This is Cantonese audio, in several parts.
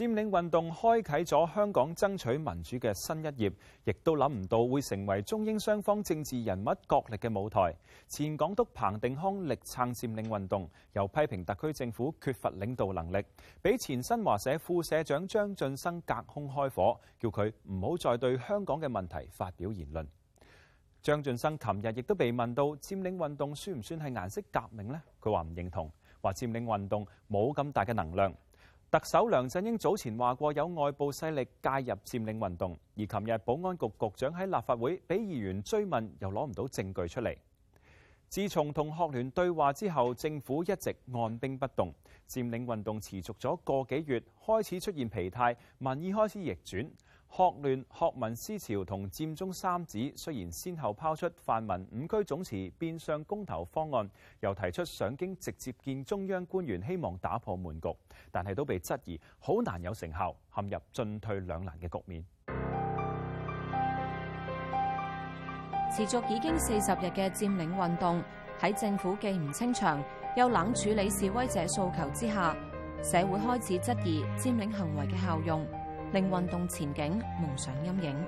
佔領運動開啓咗香港爭取民主嘅新一頁，亦都諗唔到會成為中英雙方政治人物角力嘅舞台。前港督彭定康力撐佔領運動，又批評特區政府缺乏領導能力，俾前新華社副社長張晉生隔空開火，叫佢唔好再對香港嘅問題發表言論。張晉生琴日亦都被問到佔領運動算唔算係顏色革命呢？佢話唔認同，話佔領運動冇咁大嘅能量。特首梁振英早前話過有外部勢力介入佔領運動，而琴日保安局局長喺立法會俾議員追問，又攞唔到證據出嚟。自從同學聯對話之後，政府一直按兵不動。佔領運動持續咗個幾月，開始出現疲態，民意開始逆轉。學聯、學民思潮同佔中三子雖然先後拋出泛民五區總辭變相公投方案，又提出上京直接見中央官員，希望打破悶局，但係都被質疑好難有成效，陷入進退兩難嘅局面。持續已經四十日嘅佔領運動喺政府既唔清場又冷處理示威者訴求之下，社會開始質疑佔領行為嘅效用。令運動前景蒙上陰影。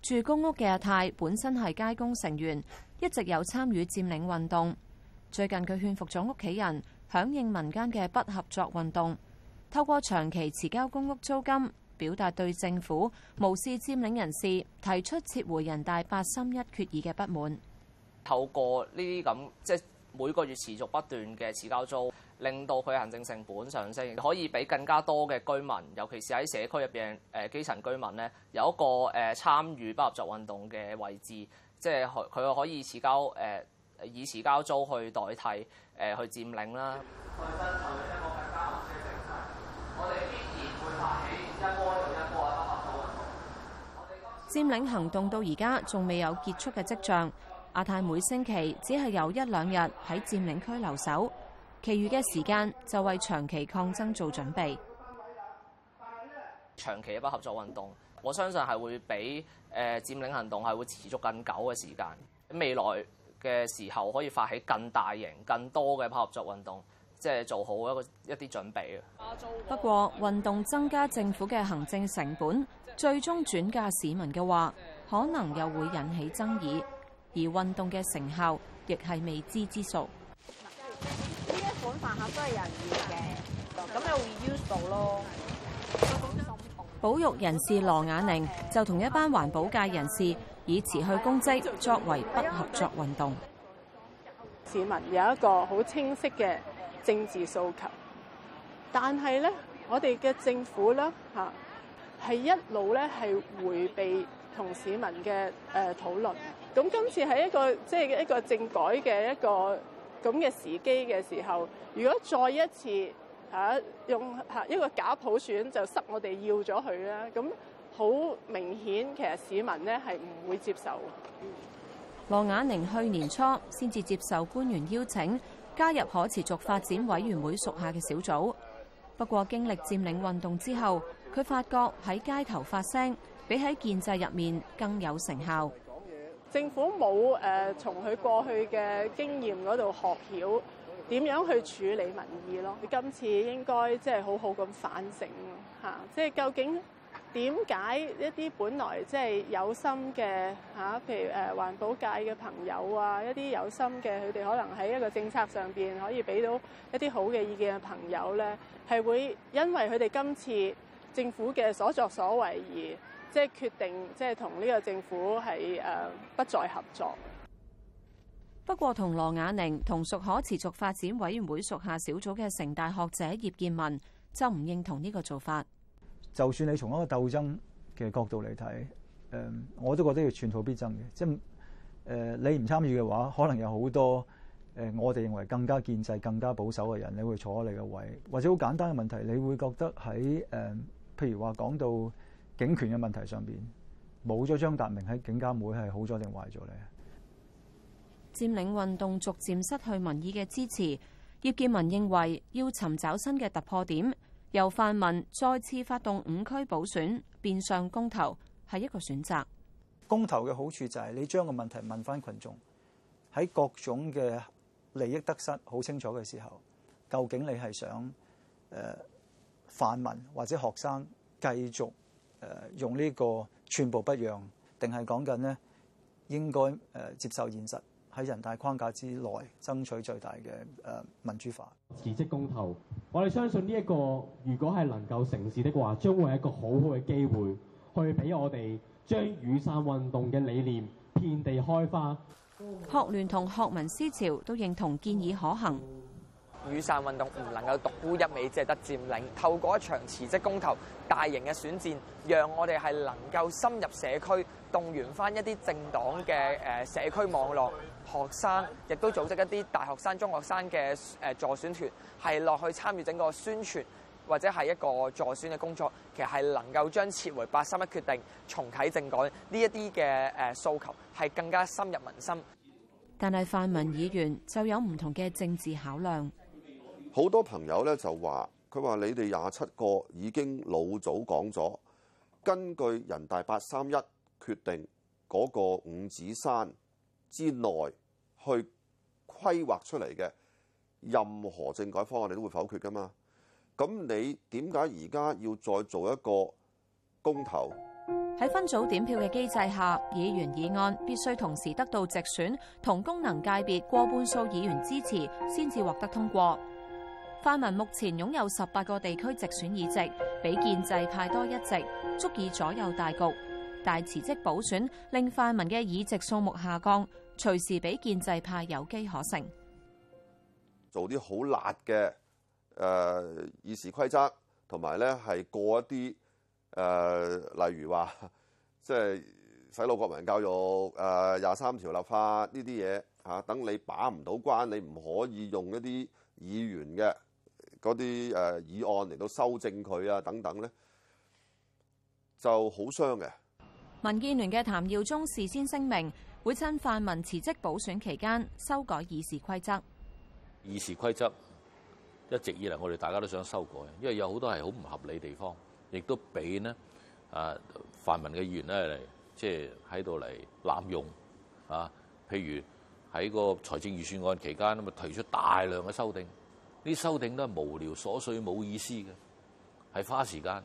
住公屋嘅阿太本身係街工成員，一直有參與佔領運動。最近佢勸服咗屋企人響應民間嘅不合作運動，透過長期遲交公屋租金，表達對政府無視佔領人士、提出撤回人大八三一決議嘅不滿。透過呢啲咁即係每個月持續不斷嘅遲交租，令到佢行政成本上升，可以俾更加多嘅居民，尤其是喺社區入邊誒基層居民咧，有一個誒參與不合作運動嘅位置，即係佢佢可以遲交誒以遲交租去代替誒去佔領啦。佔領行動到而家仲未有結束嘅跡象。阿泰每星期只係有一兩日喺佔領區留守，其餘嘅時間就為長期抗爭做準備。長期嘅不合作運動，我相信係會比誒佔領行動，係會持續更久嘅時間。未來嘅時候可以發起更大型、更多嘅不合作運動，即係做好一個一啲準備。不過，運動增加政府嘅行政成本，最終轉嫁市民嘅話，可能又會引起爭議。而運動嘅成效亦係未知之數。呢一款飯盒都係人員嘅，咁又會 usable 咯。保育人士羅雅寧就同一班環保界人士以辭去公職作為不合作運動。市民有一個好清晰嘅政治訴求，但係咧，我哋嘅政府咧嚇。係一路咧，係迴避同市民嘅誒討論。咁今次係一個即係一個政改嘅一個咁嘅時機嘅時候，如果再一次嚇用嚇一個假普選就塞我哋要咗佢啦，咁好明顯其實市民呢係唔會接受。羅雅寧去年初先至接受官員邀請，加入可持續發展委員會屬下嘅小組。不過經歷佔領運動之後，佢發覺喺街頭發聲，比喺建制入面更有成效。講嘢，政府冇誒從佢過去嘅經驗嗰度學曉點樣去處理民意咯。今次應該即係好好咁反省吓，即係究竟點解一啲本來即係有心嘅吓，譬如誒環保界嘅朋友啊，一啲有心嘅佢哋可能喺一個政策上面可以俾到一啲好嘅意見嘅朋友咧，係會因為佢哋今次。政府嘅所作所為而即係決定，即係同呢個政府係誒不再合作。不過同羅雅寧同屬可持續發展委員會屬下小組嘅城大學者葉建文就唔認同呢個做法。就算你從一個鬥爭嘅角度嚟睇，誒我都覺得要寸土必爭嘅。即係誒你唔參與嘅話，可能有好多誒我哋認為更加建制、更加保守嘅人，你會坐喺你嘅位，或者好簡單嘅問題，你會覺得喺誒。譬如話講到警權嘅問題上邊，冇咗張達明喺警監會係好咗定壞咗咧？佔領運動逐漸失去民意嘅支持，葉建文認為要尋找新嘅突破點，由泛民再次發動五區補選變相公投係一個選擇。公投嘅好處就係你將個問題問翻群眾，喺各種嘅利益得失好清楚嘅時候，究竟你係想誒？呃泛民或者學生繼續誒用呢個寸步不讓，定係講緊呢？應該誒接受現實，喺人大框架之內爭取最大嘅誒民主化。辭職公投，我哋相信呢、這、一個如果係能夠成事的話，將會係一個好好嘅機會，去俾我哋將雨傘運動嘅理念遍地開花。學聯同學民思潮都認同建議可行。雨傘運動唔能夠獨沽一味，只係得佔領。透過一場辭職公投、大型嘅選戰，讓我哋係能夠深入社區，動員翻一啲政黨嘅誒社區網絡學生，亦都組織一啲大學生、中學生嘅誒助選團，係落去參與整個宣傳或者係一個助選嘅工作。其實係能夠將撤回八三一決定、重啟政改呢一啲嘅誒訴求，係更加深入民心。但係泛民議員就有唔同嘅政治考量。好多朋友咧就話，佢話，你哋廿七個已經老早講咗，根據人大八三一決定嗰個五指山之內去規劃出嚟嘅任何政改方案，你都會否決噶嘛？咁你點解而家要再做一個公投？喺分組點票嘅機制下，議員議案必須同時得到直選同功能界別過半數議員支持先至獲得通過。泛民目前擁有十八個地區直選議席，比建制派多一席，足以左右大局。但辭職補選令泛民嘅議席數目下降，隨時俾建制派有機可乘。做啲好辣嘅，誒、呃，議事規則同埋咧係過一啲，誒、呃，例如話即係洗腦國民教育，誒、呃，廿三條立法呢啲嘢，吓、啊、等你把唔到關，你唔可以用一啲議員嘅。嗰啲誒議案嚟到修正佢啊等等咧，就好傷嘅。民建聯嘅譚耀宗事先聲明，會趁泛民辭職補選期間修改議事規則。議事規則一直以嚟，我哋大家都想修改，因為有好多係好唔合理地方，亦都俾呢啊泛民嘅議員呢嚟即係喺度嚟濫用啊。譬如喺個財政預算案期間，咁提出大量嘅修訂。啲修訂都係無聊瑣碎，冇意思嘅，係花時間。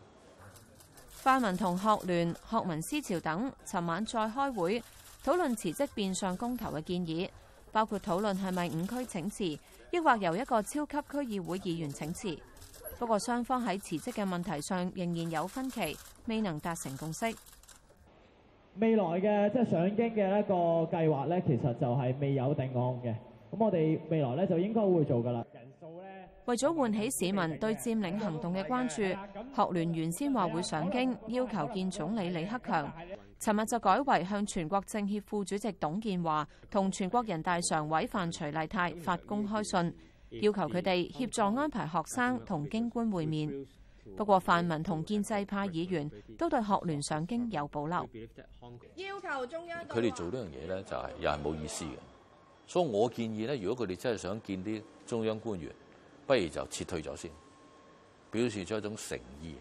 泛民同學聯學民思潮等，尋晚再開會討論辭職變相公投嘅建議，包括討論係咪五區請辭，抑或由一個超級區議會議員請辭。不過，雙方喺辭職嘅問題上仍然有分歧，未能達成共識。未來嘅即係上京嘅一個計劃呢，其實就係未有定案嘅。咁我哋未來呢，就應該會做噶啦。為咗喚起市民對佔領行動嘅關注，學聯原先話會上京要求見總理李克強，尋日就改為向全國政協副主席董建華同全國人大常委范徐麗泰發公開信，要求佢哋協助安排學生同京官會面。不過，泛民同建制派議員都對學聯上京有保留。要求中央，佢哋做呢樣嘢呢，就係又係冇意思嘅。所以我建議呢，如果佢哋真係想見啲中央官員。不如就撤退咗先，表示出一種誠意。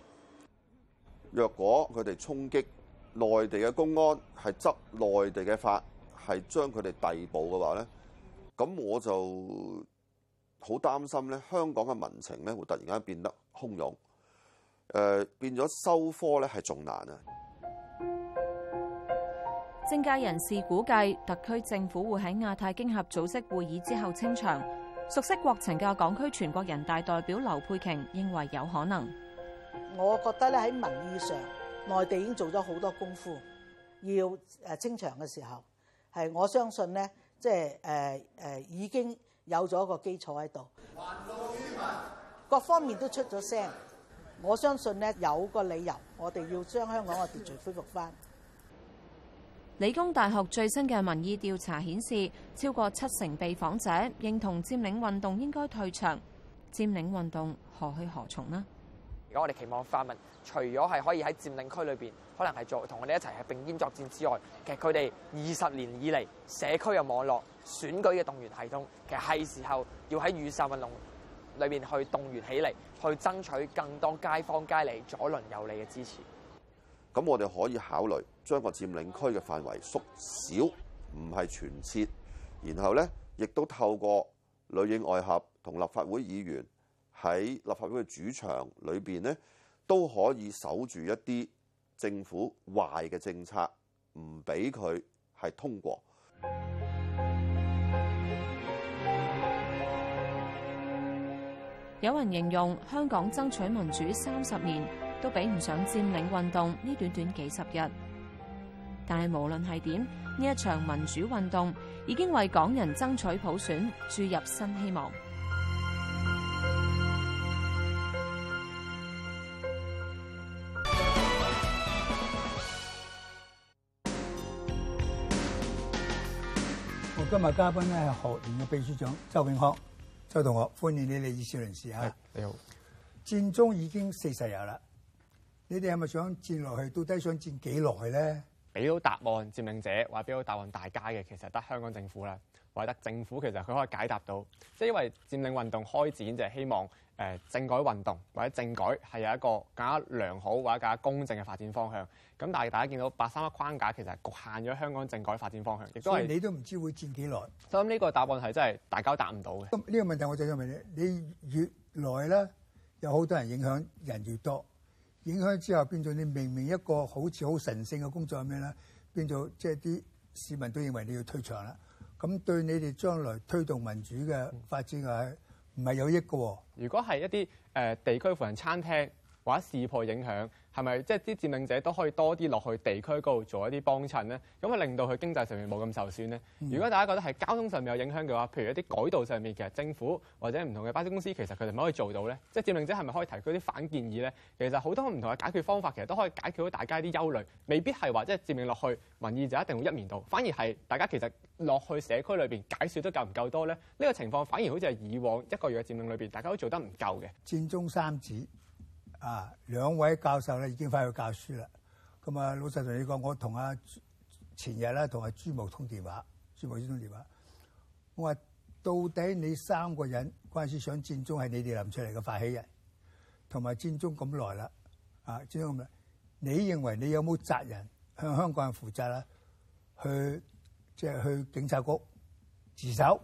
若果佢哋衝擊內地嘅公安係執內地嘅法，係將佢哋逮捕嘅話，咧，咁我就好擔心咧，香港嘅民情咧會突然間變得洶湧，誒變咗收科咧係仲難啊！政界人士估計，特區政府會喺亞太經合組織會議之後清場。熟悉國情嘅港區全國人大代表劉佩瓊認為有可能，我覺得咧喺民意上，內地已經做咗好多功夫，要誒清場嘅時候係，我相信咧，即係誒誒已經有咗一個基礎喺度，還路於民各方面都出咗聲，我相信咧有個理由，我哋要將香港嘅秩序恢復翻。理工大學最新嘅民意調查顯示，超過七成被訪者認同佔領運動應該退場。佔領運動何去何從呢？而家我哋期望泛民，除咗係可以喺佔領區裏邊可能係做同我哋一齊係並肩作戰之外，其實，佢哋二十年以嚟社區嘅網絡選舉嘅動員系統，其實，係時候要喺雨傘運動裏邊去動員起嚟，去爭取更多街坊街里左鄰右里嘅支持。咁我哋可以考慮，將個佔領區嘅範圍縮小，唔係全撤。然後呢，亦都透過裏應外合同立法會議員喺立法會嘅主場裏邊呢，都可以守住一啲政府壞嘅政策，唔俾佢係通過。有人形容香港爭取民主三十年都比唔上佔領運動呢短短幾十日。但係無論係點，呢一場民主運動已經為港人爭取普選注入新希望。我今日嘉賓咧係學聯嘅秘書長周永康，周同學歡迎你嚟議事論事吓，你好。佔中已經四十日啦，你哋係咪想佔落去？到底想佔幾耐咧？俾到答案佔領者，或者俾到答案大家嘅，其實得香港政府啦，或者得政府其實佢可以解答到，即係因為佔領運動開展就係希望誒政改運動或者政改係有一個更加良好或者更加公正嘅發展方向。咁但係大家見到八三一框架其實係局限咗香港政改發展方向，亦都係所以你都唔知會佔幾耐。我諗呢個答案係真係大家答唔到嘅。咁呢個問題我就想問你，你越來咧，有好多人影響人越多。影響之後變咗你明明一個好似好神聖嘅工作係咩咧？變咗即係啲市民都認為你要退場啦。咁對你哋將來推動民主嘅發展係唔係有益㗎？如果係一啲誒、呃、地區附人餐廳話事破影響。係咪即係啲佔領者都可以多啲落去地區嗰度做一啲幫襯咧？咁啊令到佢經濟上面冇咁受損咧。嗯、如果大家覺得係交通上面有影響嘅話，譬如一啲改道上面，其實政府或者唔同嘅巴士公司，其實佢哋咪可以做到咧。即、就、係、是、佔領者係咪可以提出啲反建議咧？其實好多唔同嘅解決方法，其實都可以解決到大家啲憂慮。未必係話即係佔領落去，民意就一定會一面倒。反而係大家其實落去社區裏面解說都夠唔夠多咧？呢、呢個情況反而好似係以往一個月嘅佔領裏面，大家都做得唔夠嘅。佔中三子。啊！兩位教授咧已經返去教書啦。咁啊，老實同你講，我同阿、啊、前日咧同阿朱毛通電話，朱毛先通電話，我話到底你三個人關事想佔中係你哋臨出嚟嘅發起人，同埋佔中咁耐啦。啊，佔中咁耐，你認為你有冇責任向香港人負責啊？去即係、就是、去警察局自首。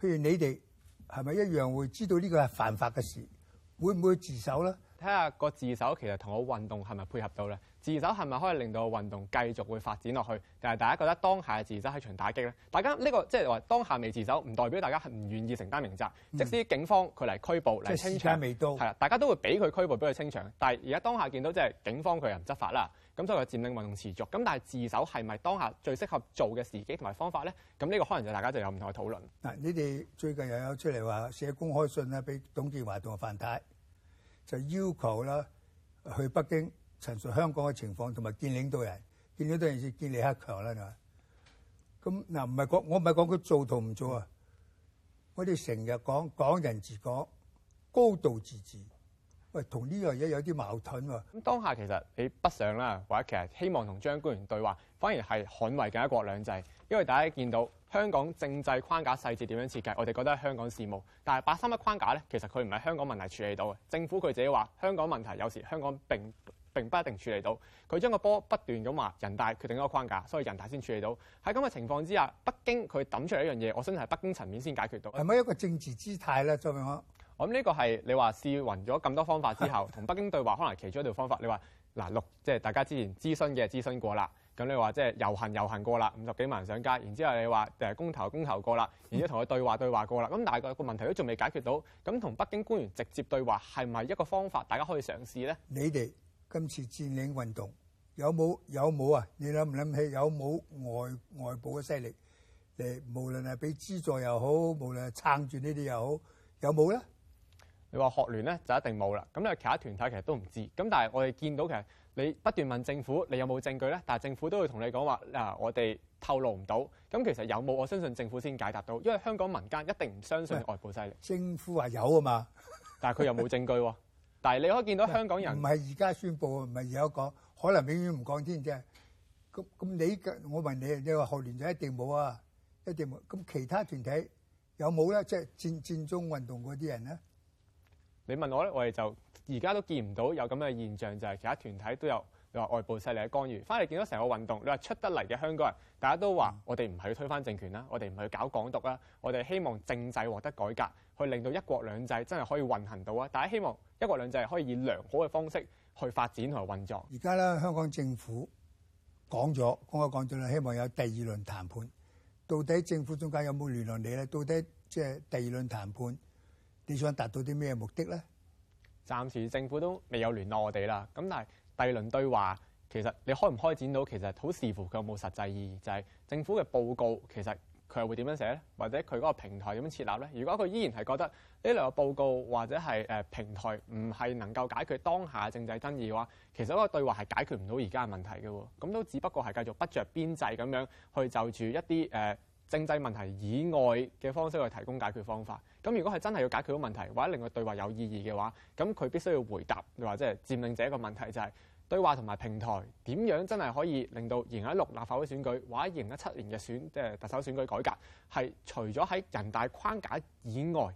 譬如你哋係咪一樣會知道呢個係犯法嘅事？會唔會自首咧？睇下個自首其實同個運動係咪配合到咧？自首係咪可以令到運動繼續會發展落去？定係大家覺得當下嘅自首係場打擊咧？大家呢、呢個即係話當下未自首，唔代表大家係唔願意承擔刑責。即使警方佢嚟拘捕嚟、嗯、清場，係啦，大家都會俾佢拘捕，俾佢清場。但係而家當下見到即係警方佢又唔執法啦，咁所以佔領運動持續。咁但係自首係咪當下最適合做嘅時機同埋方法咧？咁呢個可能就大家就有唔同嘅討論。嗱，你哋最近又有出嚟話寫公開信啊，俾董建華同阿范太。就要求啦，去北京陳述香港嘅情況同埋見領導人，見領導人先見李克強啦。咁嗱，唔係講，我唔係講佢做同唔做啊！我哋成日講港人治港，高度自治。喂，同呢樣嘢有啲矛盾啊。咁當下其實你不想啦，或者其實希望同張官員對話，反而係捍衛緊一國兩制。因為大家見到香港政制框架細節點樣設計，我哋覺得係香港事務。但係八三一框架咧，其實佢唔係香港問題處理到嘅。政府佢自己話香港問題有時香港並，並不一定處理到。佢將個波不斷咁話人大決定一個框架，所以人大先處理到。喺咁嘅情況之下，北京佢抌出嚟一樣嘢，我相信係北京層面先解決到。係咪一個政治姿態咧？作為我咁呢個係你話試勻咗咁多方法之後，同北京對話可能其中一條方法。你話嗱六，即係大家之前諮詢嘅諮詢過啦。咁你話即係遊行遊行過啦，五十幾萬上街，然之後你話誒公投公投過啦，然之後同佢對話對話過啦。咁但係個問題都仲未解決到。咁同北京官員直接對話係唔係一個方法，大家可以嘗試咧？你哋今次佔領運動有冇有冇啊？你諗唔諗起有冇外外部嘅勢力嚟？無論係俾資助又好，無論係撐住呢啲又好，有冇咧？你話學聯咧就一定冇啦，咁你其他團體其實都唔知咁。但係我哋見到其實你不斷問政府你有冇證據咧，但係政府都會同你講話嗱，我哋透露唔到咁。其實有冇我相信政府先解答到，因為香港民間一定唔相信外部勢力。政府話有啊嘛，但係佢又冇證據喎。 但係你可以見到香港人唔係而家宣佈唔係而家講，可能永遠唔講先啫。咁咁，你我問你，你話學聯就一定冇啊，一定冇咁。其他團體有冇咧？即係佔佔中運動嗰啲人咧？你問我咧，我哋就而家都見唔到有咁嘅現象，就係、是、其他團體都有外部勢力嘅干預。翻嚟見到成個運動，你話出得嚟嘅香港人，大家都話我哋唔係去推翻政權啦，我哋唔係去搞港獨啦，我哋希望政制獲得改革，去令到一國兩制真係可以運行到啊！大家希望一國兩制可以以良好嘅方式去發展同埋運作。而家咧，香港政府講咗公開講咗啦，希望有第二輪談判。到底政府中間有冇聯絡你咧？到底即係、就是、第二輪談判？你想達到啲咩目的咧？暫時政府都未有聯絡我哋啦。咁但係第二輪對話，其實你開唔開展到，其實好視乎佢有冇實際意義。就係、是、政府嘅報告，其實佢又會點樣寫咧？或者佢嗰個平台點樣設立咧？如果佢依然係覺得呢兩個報告或者係、呃、平台唔係能夠解決當下政制爭議嘅話，其實嗰個對話係解決唔到而家嘅問題嘅。咁都只不過係繼續不着邊際咁樣去就住一啲、呃政制問題以外嘅方式去提供解決方法，咁如果係真係要解決到問題，或者令個對話有意義嘅話，咁佢必須要回答，你話即係佔領者一個問題就係、是、對話同埋平台點樣真係可以令到二零一六立法會選舉，或者二零一七年嘅選即係特首選舉改革，係除咗喺人大框架以外，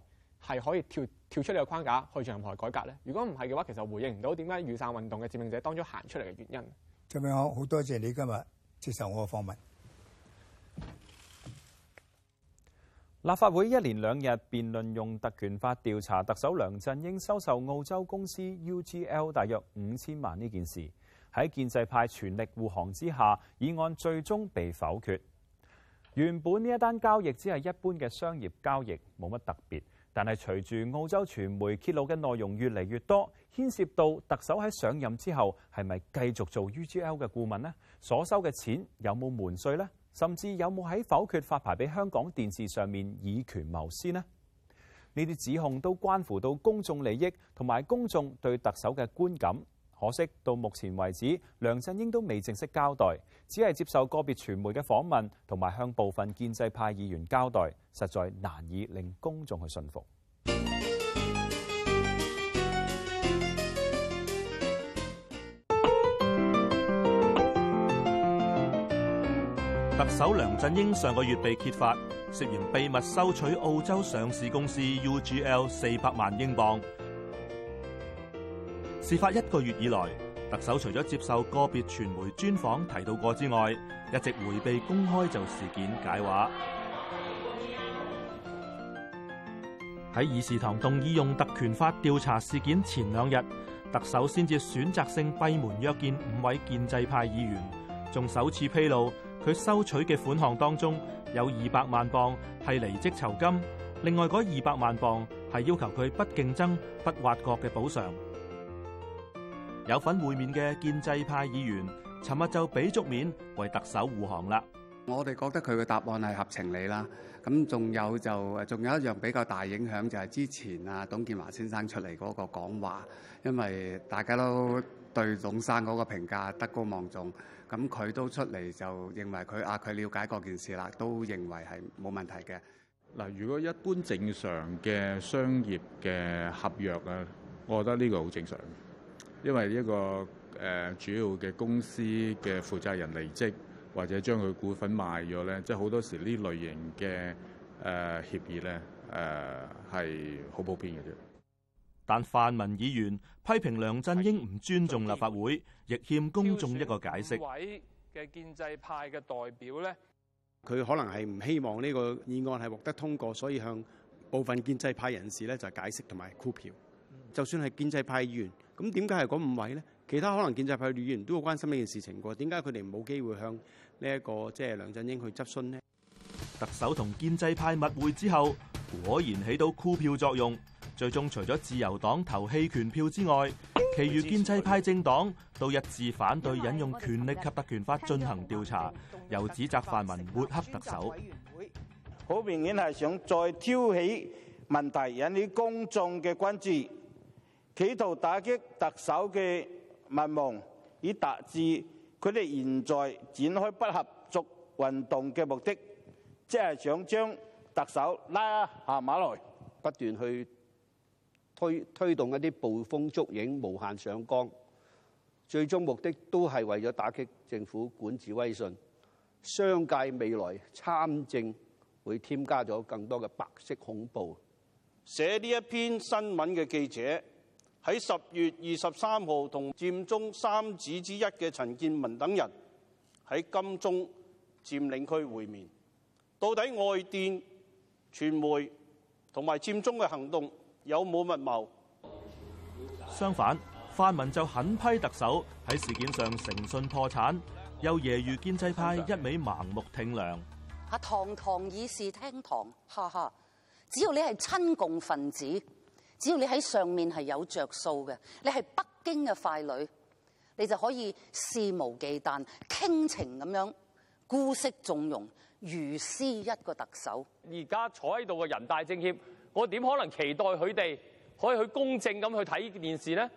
係可以跳跳出呢個框架去做任何改革咧？如果唔係嘅話，其實回應唔到點解雨傘運動嘅佔領者當中行出嚟嘅原因。周永康，好多謝你今日接受我嘅訪問。立法會一連兩日辯論用特權法調查特首梁振英收受澳洲公司 UGL 大約五千萬呢件事，喺建制派全力護航之下，議案最終被否決。原本呢一單交易只係一般嘅商業交易，冇乜特別。但係隨住澳洲傳媒揭露嘅內容越嚟越多，牽涉到特首喺上任之後係咪繼續做 UGL 嘅顧問呢？所收嘅錢有冇瞞稅呢？甚至有冇喺否決發牌俾香港電視上面以權謀私呢？呢啲指控都關乎到公眾利益同埋公眾對特首嘅觀感。可惜到目前為止，梁振英都未正式交代，只係接受個別傳媒嘅訪問同埋向部分建制派議員交代，實在難以令公眾去信服。特首梁振英上個月被揭發涉嫌秘密收取澳洲上市公司 UGL 四百萬英鎊。事發一個月以來，特首除咗接受個別傳媒專訪提到過之外，一直回避公開就事件解話。喺議事堂動議用特權法調查事件前兩日，特首先至選擇性閉門約見五位建制派議員，仲首次披露。佢收取嘅款項當中有二百萬鎊係離職酬金，另外嗰二百萬鎊係要求佢不競爭、不挖角嘅補償。有份會面嘅建制派議員，尋日就俾足面為特首護航啦。我哋覺得佢嘅答案係合情理啦。咁仲有就誒，仲有一樣比較大影響就係之前啊董建華先生出嚟嗰個講話，因為大家都對龍生嗰個評價德高望重，咁佢都出嚟就認為佢啊佢了解嗰件事啦，都認為係冇問題嘅。嗱，如果一般正常嘅商業嘅合約啊，我覺得呢個好正常，因為一個誒、呃、主要嘅公司嘅負責人離職或者將佢股份賣咗咧，即係好多時呢類型嘅誒協議咧誒係好普遍嘅啫。但泛民議員批評梁振英唔尊重立法會，亦欠公眾一個解釋。五位嘅建制派嘅代表咧，佢可能係唔希望呢個議案係獲得通過，所以向部分建制派人士咧就解釋同埋箍票。就算係建制派議員，咁點解係嗰五位呢？其他可能建制派議員都會關心呢件事情過，點解佢哋冇機會向呢一個即係梁振英去質詢呢？特首同建制派密會之後，果然起到箍票作用。最終，除咗自由黨投棄權票之外，其餘建制派政黨都一致反對引用權力及特權法進行調查，又指責泛民抹黑特首。好明顯係想再挑起問題，引起公眾嘅關注，企圖打擊特首嘅民望，以達至佢哋現在展開不合作運動嘅目的，即係想將特首拉下馬來，不斷去。推推動一啲捕風捉影、無限上綱，最終目的都係為咗打擊政府管治威信。商界未來參政會添加咗更多嘅白色恐怖。寫呢一篇新聞嘅記者喺十月二十三號同佔中三子之一嘅陳建文等人喺金鐘佔領區會面，到底外電、傳媒同埋佔中嘅行動有冇密謀？相反，泛民就狠批特首喺事件上誠信破產，又揶揄建制派一味盲目挺梁。啊，堂堂議事廳堂，哈哈！只要你係親共分子，只要你喺上面係有着數嘅，你係北京嘅傀儡，你就可以肆無忌憚、傾情咁樣姑息縱容，如斯一個特首。而家坐喺度嘅人大政協。我點可能期待佢哋可以去公正咁去睇呢件事呢？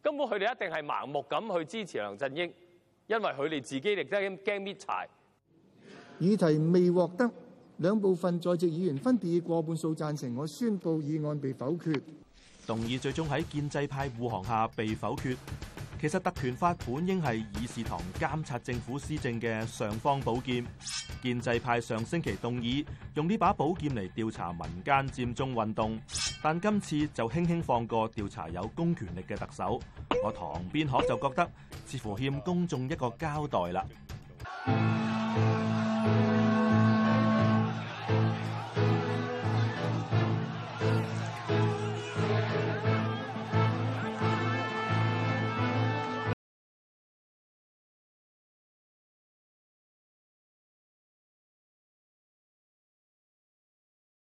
根本佢哋一定係盲目咁去支持梁振英，因為佢哋自己亦都驚搣柴。議題未獲得兩部分在席議員分別過半數贊成，我宣布議案被否決。動議最終喺建制派護航下被否決。其實特權法本應係議事堂監察政府施政嘅上方寶劍，建制派上星期動議用呢把寶劍嚟調查民間佔中運動，但今次就輕輕放過，調查有公權力嘅特首，我堂邊鶴就覺得似乎欠公眾一個交代啦。